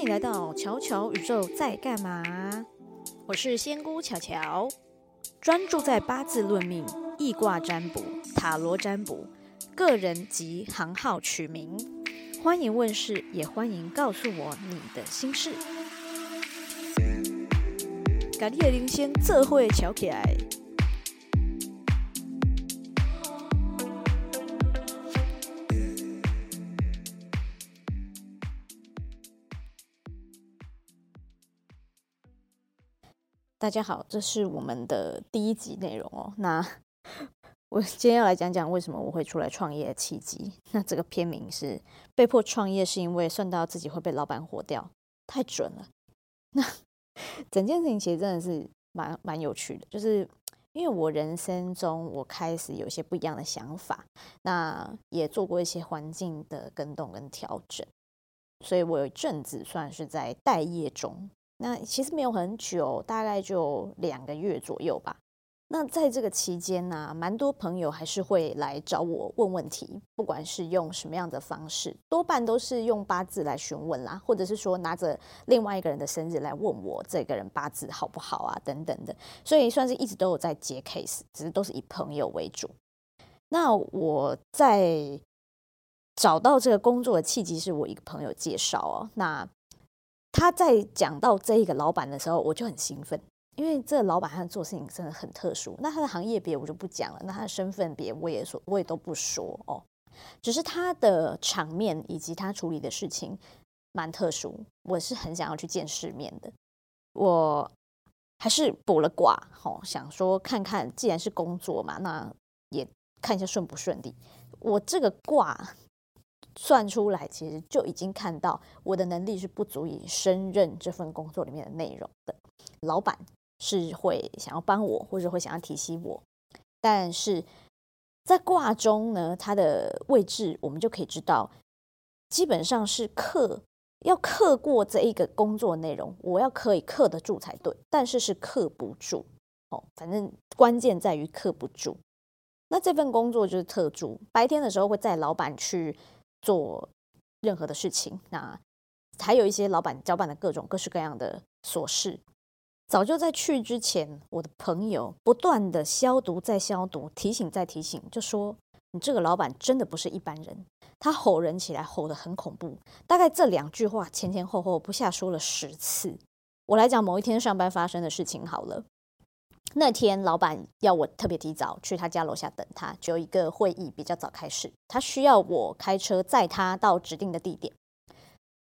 歡迎來到巧巧宇宙在幹嘛？我是仙姑巧巧，專注在八字論命、易卦占卜、塔羅占卜、個人及行號取名。歡迎問事，也歡迎告訴我你的心事。把你的鈴聲做伙敲起來。大家好，這是我們的第一集內容哦。那我今天要來講講為什麼我會出來創業的契機。那這個片名是被迫創業，是因為算到自己會被老闆火掉，太準了。那整件事情其實真的是蠻蠻有趣的，就是因為我人生中我開始有些不一樣的想法，那也做過一些環境的更動跟調整，所以我有一陣子算是在待業中。那其實沒有很久，大概就兩個月左右吧。那在這個期間呢、啊，蠻多朋友還是會來找我問問題，不管是用什麼樣的方式，多半都是用八字來詢問啦，或者是說拿着另外一個人的生日來問我這個人八字好不好啊，等等的。所以算是一直都有在接 case，只是都是以朋友為主。那我在找到這個工作的契機，是我一個朋友介紹哦。那他在講到這一個老板的時候，我就很興奮，因為這個老板他做事情真的很特殊。那他的行業別我就不講了，那他的身份別我也說我也都不說哦，只是他的場面以及他處理的事情蠻特殊，我是很想要去見世面的。我還是卜了卦，好、哦、想說看看，既然是工作嘛，那也看一下順不順利。我這個卦。算出來，其實就已經看到我的能力是不足以勝任這份工作裡面的內容的。老闆是會想要幫我，或者會想要提醒我，但是在卦中呢，它的位置我們就可以知道，基本上是克，要克過這一個工作內容，我要可以克得住才對，但是是克不住。哦，反正關鍵在於克不住。那這份工作就是特助，白天的時候會載老闆去做任何的事情，那還有一些老板交辦的各種各式各樣的瑣事，早就在去之前，我的朋友不斷的消毒再消毒，提醒再提醒，就說你這個老板真的不是一般人，他吼人起來吼得很恐怖，大概這兩句話前前後後不下說了十次。我來講某一天上班發生的事情好了。那天老闆要我特別提早去他家樓下等他，只有一個會議比較早開始，他需要我開車載他到指定的地點，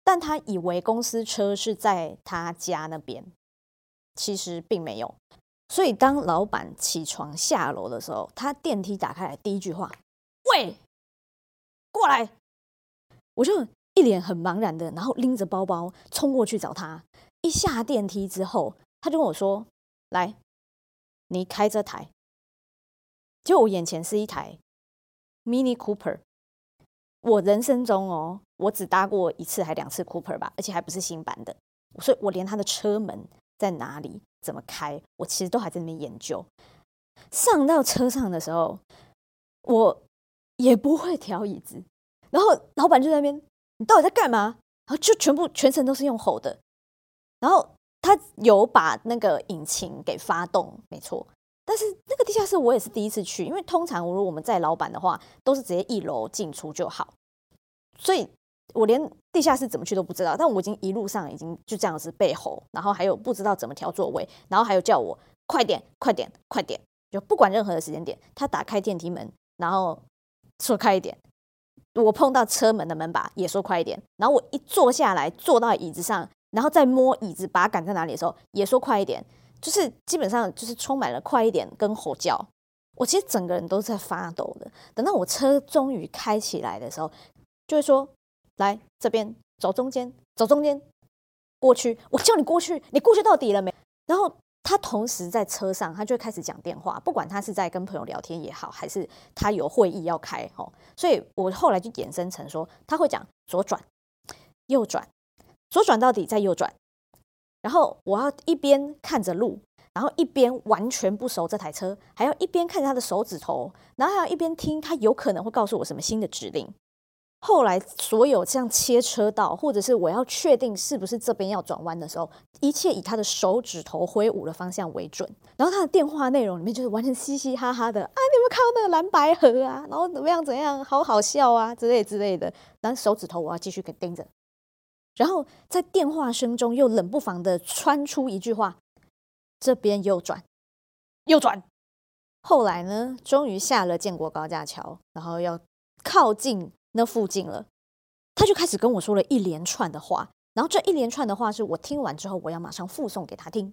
但他以為公司車是在他家那邊，其實並沒有。所以當老闆起床下樓的時候，他電梯打開來第一句話：“喂，過來！”我就一臉很茫然的，然後拎着包包衝過去找他。一下電梯之後，他就跟我說：“來。”你開這台，就我眼前是一台 Mini Cooper，我人生中哦，我只搭過一次還兩次 Cooper 吧，而且還不是新版的，所以我連它的車門在哪裡、怎麼開，我其實都還在那邊研究。上到車上的時候，我也不會調椅子，然後老闆就在那邊，你到底在幹嘛？然後就全部全程都是用吼的，然後。他有把那個引擎給發動，沒錯。但是那個地下室我也是第一次去，因為通常如果我們在老板的話，都是直接一樓進出就好。所以我連地下室怎麼去都不知道。但我已經一路上已經就這樣子被吼，然後還有不知道怎麼調座位，然後還有叫我快點、快點、快點，就不管任何的時間點，他打開電梯門，然後說快一點。我碰到車門的門把也說快一點，然後我一坐下來坐到椅子上。然後再摸椅子把桿在哪裡的時候，也說快一點，就是基本上就是充滿了快一點跟吼叫。我其實整個人都在發抖的。等到我車終於開起來的時候，就會說來這邊走中間，走中間過去，我叫你過去，你過去到底了沒？然後他同時在車上，他就會開始講電話，不管他是在跟朋友聊天也好，還是他有會議要開哦。所以我後來就衍生成說，他會講左轉、右轉。左轉到底再右轉，然後我要一邊看着路，然後一邊完全不熟這台車，還要一邊看着他的手指頭，然後還要一邊聽他有可能會告訴我什麼新的指令。後來所有這樣切車道，或者是我要確定是不是這邊要轉彎的時候，一切以他的手指頭揮舞的方向為準。然後他的電話內容裡面就是完全嘻嘻哈哈的啊，你們看到那個藍白盒啊，然後怎麼樣怎麼樣，好好笑啊之類之類的。然後手指頭我要繼續給盯着。然後在電話聲中，又冷不防的竄出一句話：“這邊右轉，右轉。”後來呢，終於下了建國高架橋，然後要靠近那附近了，他就開始跟我說了一連串的話。然後這一連串的話是我聽完之後，我要馬上複誦給他聽。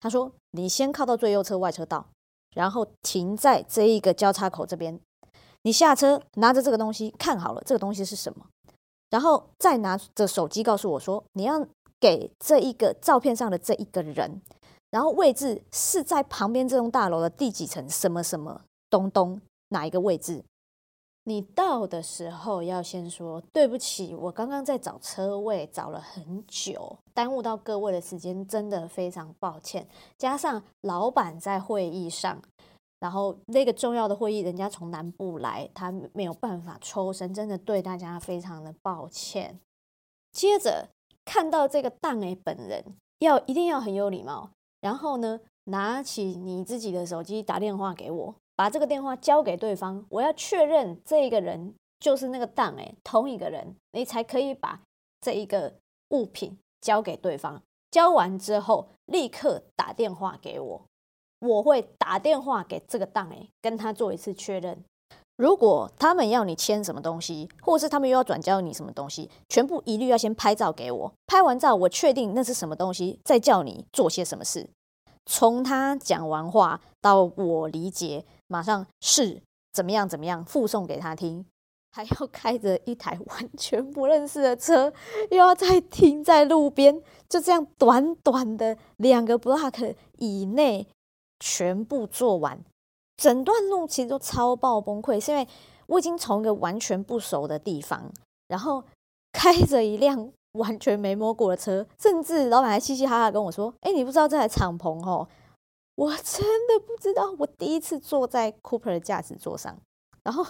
他說：“你先靠到最右側外車道，然後停在這一個交叉口這邊。你下車，拿着這個東西，看好了，這個東西是什麼？”然後再拿着手機告訴我說：“你要給這一個照片上的這一個人，然後位置是在旁邊這棟大樓的第幾層什麼什麼東東哪一個位置？你到的時候要先說對不起，我剛剛在找車位找了很久，耽誤到各位的時間，真的非常抱歉。加上老板在會議上。”然後那個重要的會議，人家從南部來，他沒有辦法抽身，真的對大家非常的抱歉。接着看到這個檔哎，本人要一定要很有禮貌，然後呢，拿起你自己的手機打電話給我，把這個電話交給對方，我要確認這一個人就是那個檔哎，同一個人，你才可以把這一個物品交給對方。交完之後，立刻打電話給我。我會打電話給這個檔哎，跟他做一次確認。如果他們要你簽什麼東西，或是他們又要轉交你什麼東西，全部一律要先拍照給我。拍完照，我確定那是什麼東西，再叫你做些什麼事。從他講完話到我理解，馬上是怎麼樣怎麼樣，附送給他聽。還要開着一台完全不認識的車，又要再停在路邊，就這樣短短的兩個 block 以內。全部做完，整段路其實都超爆崩潰，是因為我已經從一個完全不熟的地方，然後開着一輛完全沒摸過的車，甚至老闆還嘻嘻哈哈跟我說：“哎，你不知道這台敞篷哦？”我真的不知道，我第一次坐在 Cooper 的駕駛座上，然後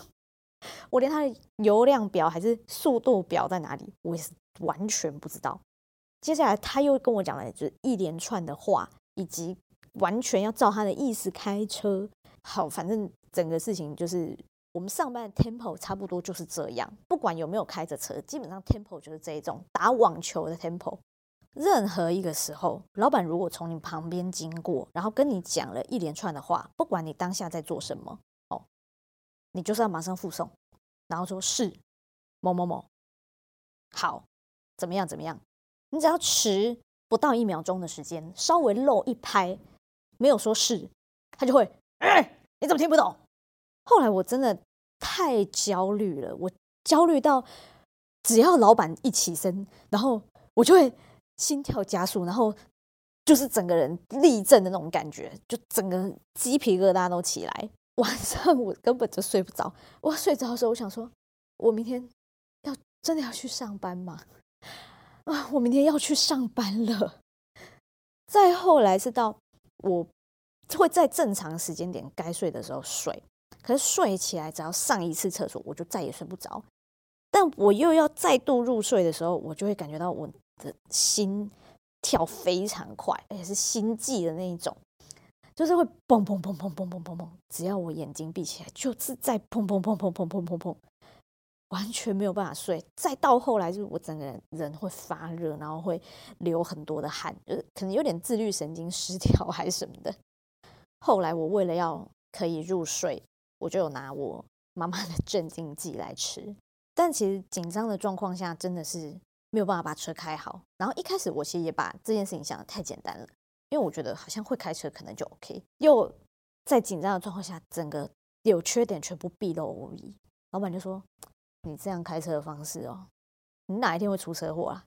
我連它的油量表還是速度表在哪裡，我也是完全不知道。接下來他又跟我講了就是一連串的話，以及。完全要照他的意思開車，好，反正整個事情就是我們上班的 tempo 差不多就是這樣，不管有沒有開着車，基本上 tempo 就是這一種打網球的 tempo。任何一個時候，老板如果從你旁邊經過，然後跟你講了一連串的話，不管你當下在做什麼，哦，你就是要馬上複誦，然後說是某某某，好，怎麼樣怎麼樣，你只要遲不到一秒鐘的時間，稍微漏一拍。沒有說是，他就會、欸，你怎麼聽不懂？後來我真的太焦慮了，我焦慮到只要老板一起身，然後我就會心跳加速，然後就是整個人立正的那種感覺，就整個雞皮疙瘩都起來。晚上我根本就睡不着，我睡着的時候，我想說，我明天要真的要去上班嗎？啊，我明天要去上班了。再後來是到。我會在正常時間點該睡的時候睡，可是睡起來只要上一次廁所，我就再也睡不着。但我又要再度入睡的時候，我就會感覺到我的心跳非常快，而且是心悸的那一種，就是會砰砰砰砰砰砰砰砰。只要我眼睛閉起來，就是在砰砰砰砰砰砰砰砰。完全沒有辦法睡，再到後來就是我整個人人會發熱，然後會流很多的汗，就是可能有點自律神經失調還是什麼的。後來我為了要可以入睡，我就有拿我媽媽的鎮靜劑來吃。但其實緊張的狀況下真的是沒有辦法把車開好。然後一開始我其實也把這件事情想得太簡單了，因為我覺得好像會開車可能就 OK。又在緊張的狀況下，整個有缺點全部畢露無遺。老板就說。你這樣開車的方式哦，你哪一天會出車禍啊？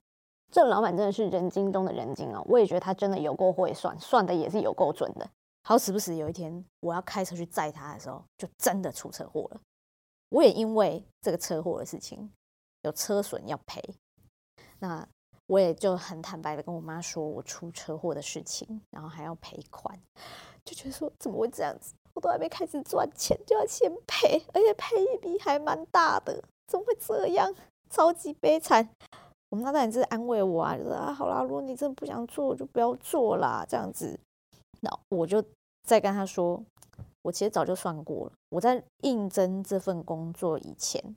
這老闆真的是人精中的人精哦！我也覺得他真的有夠會算，算的也是有夠準的。好，時不時有一天我要開車去載他的時候，就真的出車禍了。我也因為這個車禍的事情有車損要賠，那我也就很坦白的跟我媽說我出車禍的事情，然後還要賠款，就覺得說怎麼會這樣子？我都還沒開始賺錢就要先賠，而且賠一筆還蠻大的。怎麼會這樣？超級悲慘！我們家人當然是安慰我啊，就是啊，好啦，如果你真的不想做，就不要做啦，這樣子。那我就再跟他說，我其實早就算過了。我在應徵這份工作以前，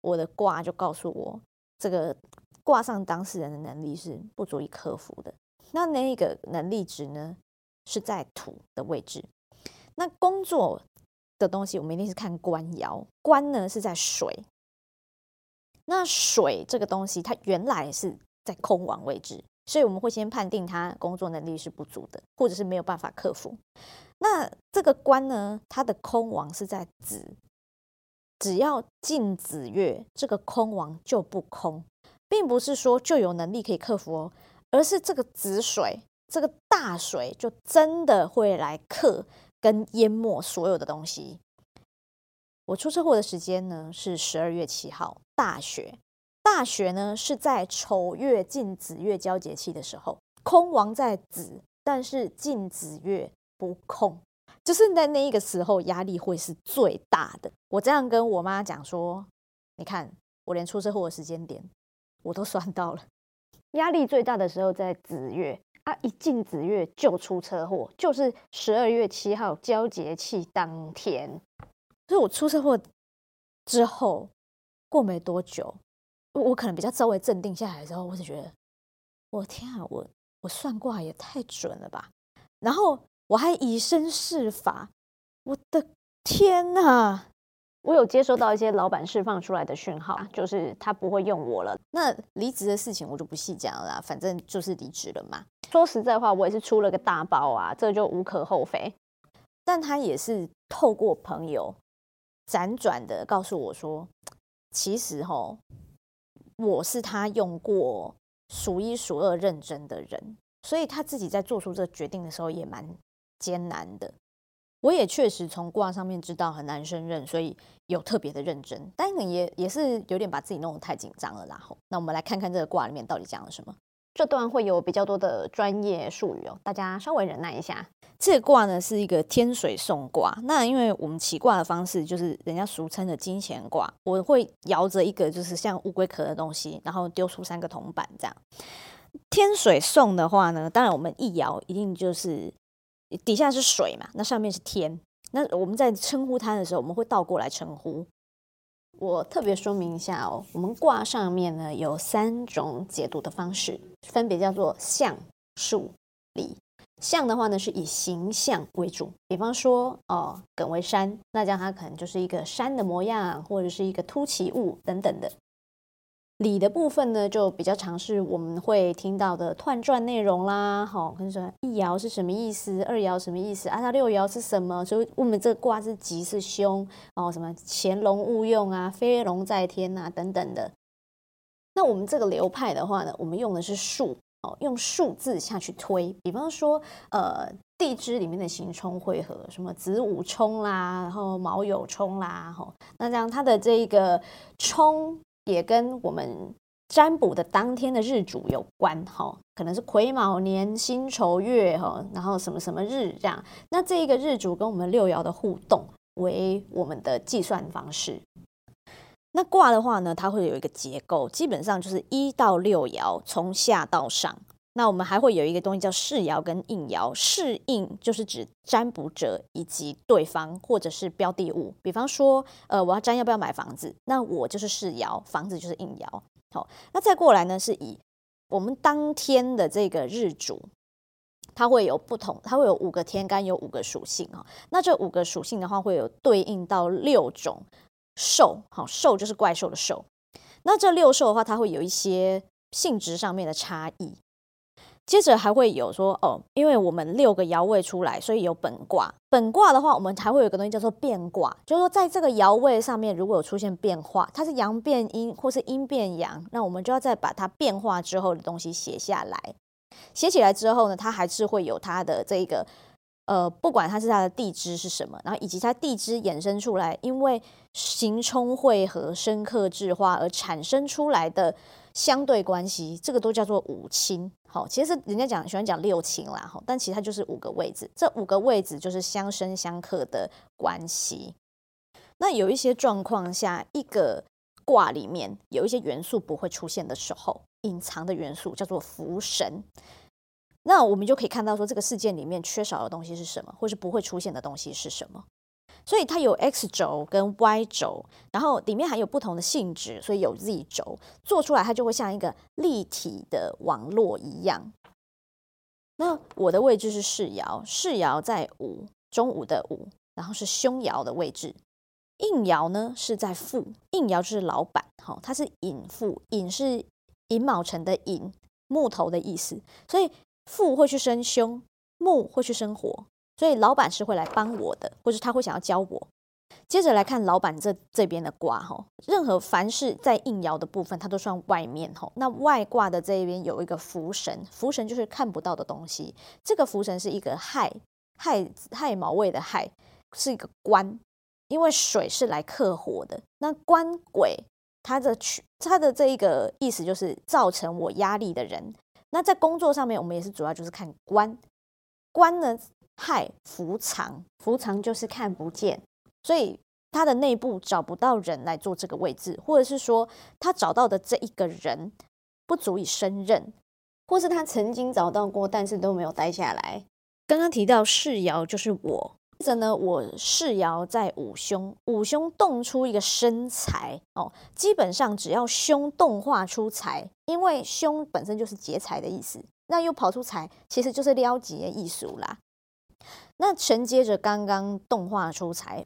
我的卦就告訴我，這個卦上當事人的能力是不足以克服的。那那個能力值呢，是在土的位置。那工作的東西，我們一定是看官爻，官呢是在水。那水這個東西，它原來是在空亡位置，所以我們會先判定，它工作能力是不足的，或者是沒有辦法克服。那這個官呢，它的空亡是在子，只要進子月，這個空亡就不空，並不是說就有能力可以克服哦，而是這個子水，這個大水就真的會來克跟淹沒所有的東西。我出車禍的時間呢是十二月七號。大雪大雪呢是在丑月進子月交節氣的時候，空亡在子，但是進子月不空，就是在那，那一個時候壓力會是最大的。我這樣跟我媽講說：“你看，我連出車禍的時間點我都算到了，壓力最大的時候在子月，啊，一進子月就出車禍，就是十二月七號交節氣當天，所以我出車禍之後。”過沒多久，我可能比較稍微鎮定下來之後，我就覺得，我天啊，我我算卦也太準了吧！然後我還以身試法，我的天啊，我有接收到一些老闆釋放出來的訊號，啊、就是他不會用我了。那離職的事情我就不細講了啦，反正就是離職了嘛。說實在話，我也是出了個大包啊，這個、就無可厚非。但他也是透過朋友輾轉的告訴我說。其實哦，我是他用過數一數二認真的人，所以他自己在做出這個決定的時候也蠻艱難的。我也確實從卦上面知道很難勝任，所以有特別的認真，但也也是有點把自己弄得太緊張了。然後，那我們來看看這個卦裡面到底講了什麼。這段會有比較多的專業術語哦，大家稍微忍耐一下。這卦呢是一個天水訟卦。那因為我們起卦的方式就是人家俗稱的金錢卦，我會搖着一個就是像烏龜殼的東西，然後丟出三個銅板這樣。天水訟的話呢，當然我們一搖一定就是底下是水嘛，那上面是天。那我們在稱呼它的時候，我們會倒過來稱呼。我特別說明一下哦，我們卦上面呢有三種解讀的方式，分別叫做象、數、理。象的話呢是以形象為主，比方說哦，艮為山，那這樣它可能就是一個山的模樣，或者是一個突起物等等的。理的部分呢，就比較常是我們會聽到的彖傳內容啦。吼，跟說一爻是什麼意思，二爻什麼意思，按照六爻是什麼，所以問我們這個卦是吉是凶哦？什麼潛龍勿用啊，飛龍在天吶、啊、等等的。那我們這個流派的話呢，我們用的是數哦，用數字下去推。比方說，呃，地支裡面的刑沖會合，什麼子午沖啦，然後卯酉沖啦，吼，那這樣它的這個沖。也跟我們占卜的當天的日主有關哈、哦，可能是癸卯年、辛丑月哈、哦，然後什麼什麼日這樣。那這一個日主跟我們六爻的互動為我們的計算方式。那卦的話呢，它會有一個結構，基本上就是一到六爻從下到上。那我們還會有一個東西叫世爻跟應爻，世應就是指占卜者以及對方或者是標的物，比方說，呃，我要占要不要買房子，那我就是世爻，房子就是應爻。好、哦，那再過來呢，是以我們當天的這個日主，它會有不同，它會有五個天干，有五個屬性哈、哦，那這五個屬性的話，會有對應到六種獸，好、哦，獸就是怪獸的獸。那這六獸的話，它會有一些性質上面的差異。接着還會有說，哦，因為我們六個爻位出來，所以有本卦。本卦的話，我們還會有一個東西叫做變卦，就是說在這個爻位上面如果有出現變化，它是陽變陰或是陰變陽，那我們就要再把它變化之後的東西寫下來。寫起來之後呢，它還是會有它的這個，呃，不管它是它的地支是什麼，然後以及它地支衍生出來，因為刑沖會合生克制化而產生出來的相對關係，這個都叫做五親。好，其實人家講喜歡講六親啦，但其實它就是五個位置。這五個位置就是相生相剋的關係。那有一些狀況下，一個卦裡面有一些元素不會出現的時候，隱藏的元素叫做伏神。那我們就可以看到說，這個事件裡面缺少的東西是什麼，或是不會出現的東西是什麼。所以它有 x 軸跟 y 軸，然後裡面還有不同的性質，所以有 z 軸做出來，它就會像一個立體的網絡一樣。那我的位置是世爻，世爻在午，中午的午，然後是兄爻的位置。應爻呢是在父，應爻就是老闆，好、哦，它是寅父，寅是寅卯辰的寅，木頭的意思，所以父會去生兄，木會去生火。所以老闆是會來幫我的，或是他會想要教我。接着來看老闆這這邊的卦哈，任何凡是在應爻的部分，它都算外面哈。那外卦的這一邊有一個伏神，伏神就是看不到的東西。這個伏神是一個亥亥亥卯未的亥，是一個官，因為水是來克火的。那官鬼，它的取它的這一個意思就是造成我壓力的人。那在工作上面，我們也是主要就是看官官呢，害伏藏，伏藏就是看不見，所以他的內部找不到人來做這個位置，或者是說他找到的這一個人不足以勝任，或是他曾經找到過，但是都沒有待下來。剛剛提到世爻就是我，接著呢我世爻在五兄，五兄動出一個身財。哦，基本上只要兄動化出財，因為兄本身就是劫財的意思，那又跑出財，其實就是撩劫易數啦。那承接着剛剛動畫出財，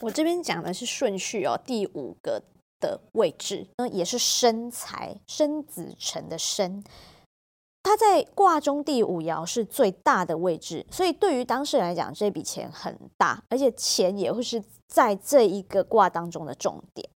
我這邊講的是順序哦，第五個的位置，那也是申財，申子辰的申。它在卦中第五爻是最大的位置，所以對於當事人來講，這筆錢很大，而且錢也會是在這一個卦當中的重點。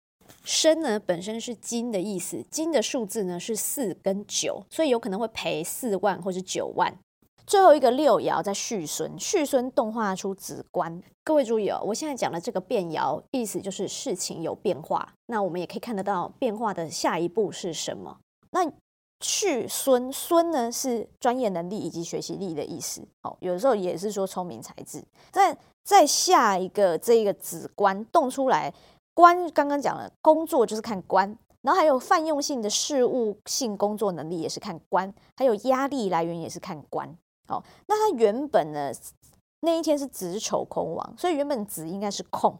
申呢本身是金的意思，金的數字呢是四跟九，所以有可能會賠四萬或者九萬。最後一個六爻在續孫，續孫動化出子官。各位注意哦。我現在講的這個變爻，意思就是事情有變化。那我們也可以看得到變化的下一步是什麼？那續孫孫呢，是專業能力以及學習力的意思。哦、有時候也是說聰明才智。那在下一個這一個子官動出來，官剛剛講了，工作就是看官，然後還有泛用性的事務性工作能力也是看官，還有壓力來源也是看官。好，那它原本呢，那一天是子丑空亡，所以原本子應該是空，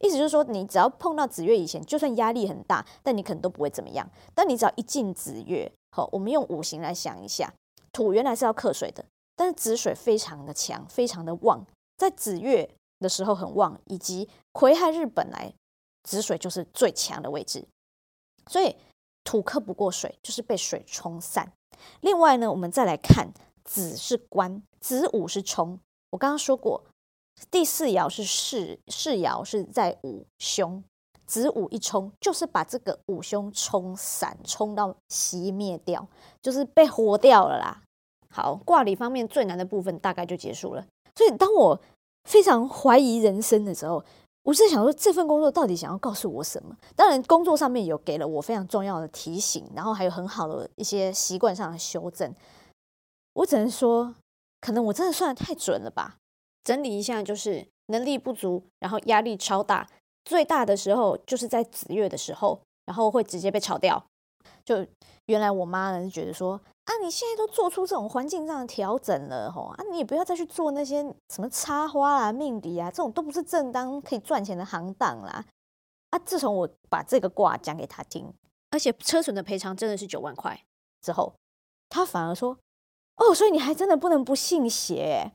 意思就是說你只要碰到子月以前，就算壓力很大，但你可能都不會怎麼樣。但你只要一進子月，好，我們用五行來想一下，土原來是要克水的，但是子水非常的強，非常的旺，在子月的時候很旺，以及癸亥日本來子水就是最強的位置，所以土克不過水，就是被水沖散。另外呢，我們再來看。子是官，子午是沖。我剛剛說過，第四爻是世，世爻是在午兄。子午一沖，就是把這個午兄沖散，沖到熄滅掉，就是被活掉了啦。好，卦理方面最難的部分大概就結束了。所以，當我非常懷疑人生的時候，我是想說，這份工作到底想要告訴我什麼？當然，工作上面有給了我非常重要的提醒，然後還有很好的一些習慣上的修正。我只能說，可能我真的算得太準了吧。整理一下就是能力不足，然後壓力超大，最大的時候就是在子月的時候，然後會直接被炒掉。就原來我媽呢覺得說啊，你現在都做出這種環境上的調整了吼，啊，你也不要再去做那些什麼插花啊、命理啊這種都不是正當可以賺錢的行當啦。啊，啊，自從我把這個卦講給他聽，而且車損的賠償真的是九萬塊之後，他反而說。哦，所以你還真的不能不信邪哎！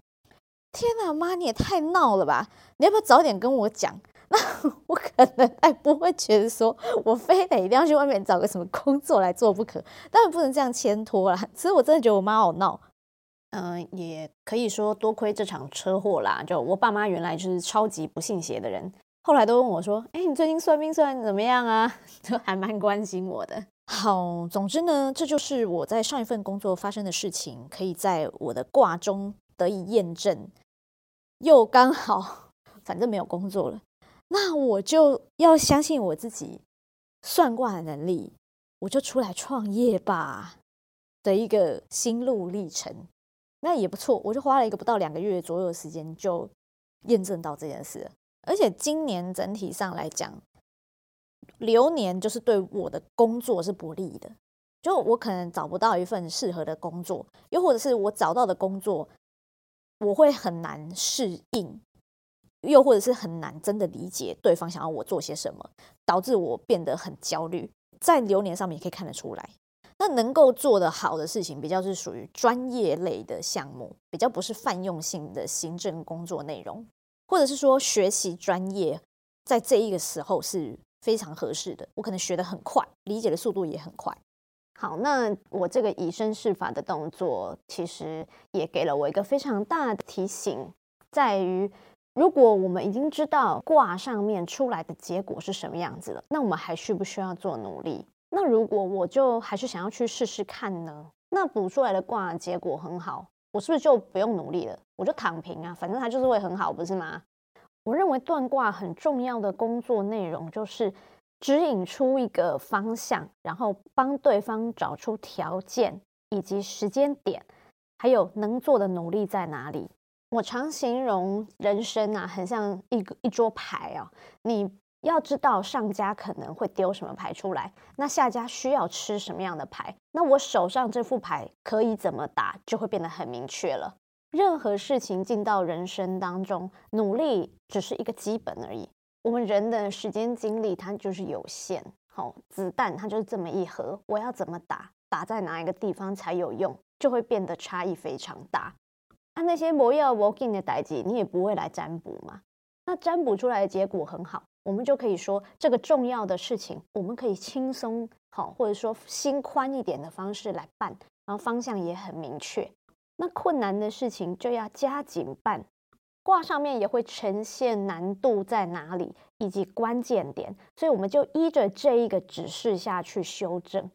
天哪，媽你也太鬧了吧！你要不要早點跟我講？那我可能還不會覺得說我非得一定要去外面找個什麼工作來做不可，當然不能這樣牽拖啦。其實我真的覺得我媽好鬧。嗯、呃，也可以說多虧這場車禍啦。就我爸媽原來就是超級不信邪的人，後來都問我說：“哎，你最近算命算的怎麼樣啊？”都還蠻關心我的。好，總之呢，這就是我在上一份工作發生的事情，可以在我的卦中得以驗證。又剛好，反正沒有工作了，那我就要相信我自己算卦的能力，我就出來創業吧的一個心路歷程。那也不錯，我就花了一個不到兩個月左右的時間就驗證到這件事。而且今年整體上來講。流年就是對我的工作是不利的，就我可能找不到一份適合的工作，又或者是我找到的工作，我會很難適應，又或者是很難真的理解對方想要我做些什麼，導致我變得很焦慮。在流年上面也可以看得出來，那能夠做得好的事情，比較是屬於專業類的項目，比較不是泛用性的行政工作內容，或者是說學習專業，在這一個時候是。非常合適的，我可能學得很快，理解的速度也很快。好，那我這個以身試法的動作，其實也給了我一個非常大的提醒，在於如果我們已經知道卦上面出來的結果是什麼樣子了，那我們還需不需要做努力？那如果我就還是想要去試試看呢？那卜出來的卦結果很好，我是不是就不用努力了？我就躺平啊，反正它就是會很好，不是嗎？我認為斷卦很重要的工作內容就是指引出一個方向，然後幫對方找出條件以及時間點，還有能做的努力在哪裡。我常形容人生啊，很像一個一桌牌啊喔，你要知道上家可能會丟什麼牌出來，那下家需要吃什麼樣的牌，那我手上這副牌可以怎麼打，就會變得很明確了。任何事情進到人生當中，努力只是一個基本而已。我們人的時間精力，它就是有限。好，子彈它就是這麼一盒，我要怎麼打，打在哪一個地方才有用，就會變得差異非常大。啊，那些無要無緊的代誌，你也不會來占卜嘛？那占卜出來的結果很好，我們就可以說這個重要的事情，我們可以輕鬆好，或者說心寬一點的方式來辦，然後方向也很明確。那困難的事情就要加緊辦，卦上面也會呈現難度在哪裡以及關鍵點，所以我們就依着這一個指示下去修正，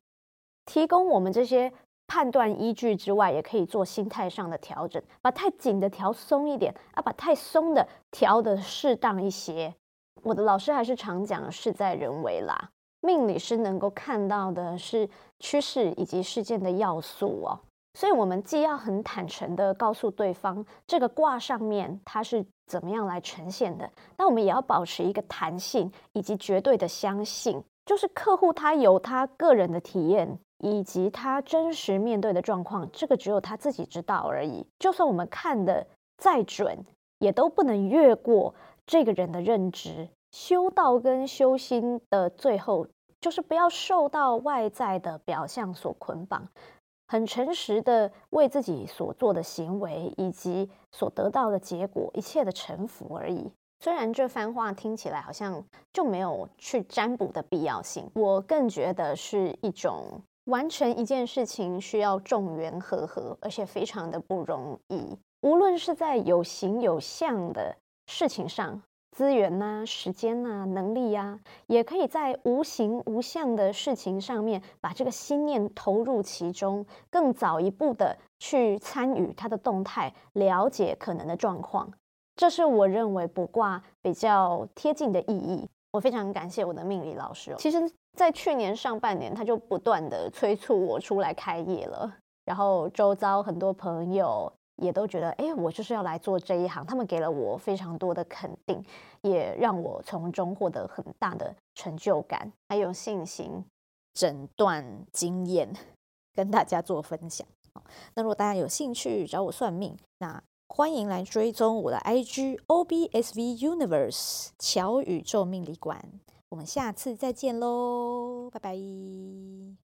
提供我們這些判斷依據之外，也可以做心態上的調整，把太緊的調鬆一點，啊，把太鬆的調得適當一些。我的老師還是常講“事在人為”啦，命理師能夠看到的是趨勢以及事件的要素哦。所以，我們既要很坦誠地告訴對方這個卦上面它是怎麼樣來呈現的，那我們也要保持一個彈性以及絕對的相信。就是客戶他有他個人的體驗，以及他真實面對的狀況，這個只有他自己知道而已。就算我們看得再準，也都不能越過這個人的認知。修道跟修心的最後，就是不要受到外在的表象所捆綁。很誠實的為自己所做的行為以及所得到的結果，一切的臣服而已。雖然這番話聽起來好像就沒有去占卜的必要性，我更覺得是一種完成一件事情需要眾緣和合，而且非常的不容易。無論是在有形有相的事情上。資源吶、啊，時間吶、啊，能力呀、啊，也可以在無形無相的事情上面，把這個心念投入其中，更早一步的去參與它的動態，了解可能的狀況。這是我認為卜卦比較貼近的意義。我非常感謝我的命理老師、哦。其實，在去年上半年，他就不斷的催促我出來開業了，然後周遭很多朋友，也都覺得，哎，我就是要來做這一行。他們給了我非常多的肯定，也讓我從中獲得很大的成就感，還有信心。診斷經驗跟大家做分享。那如果大家有興趣找我算命，那歡迎來追蹤我的 IG OBSV Universe 喬宇宙命理館。我們下次再見嘍，拜拜。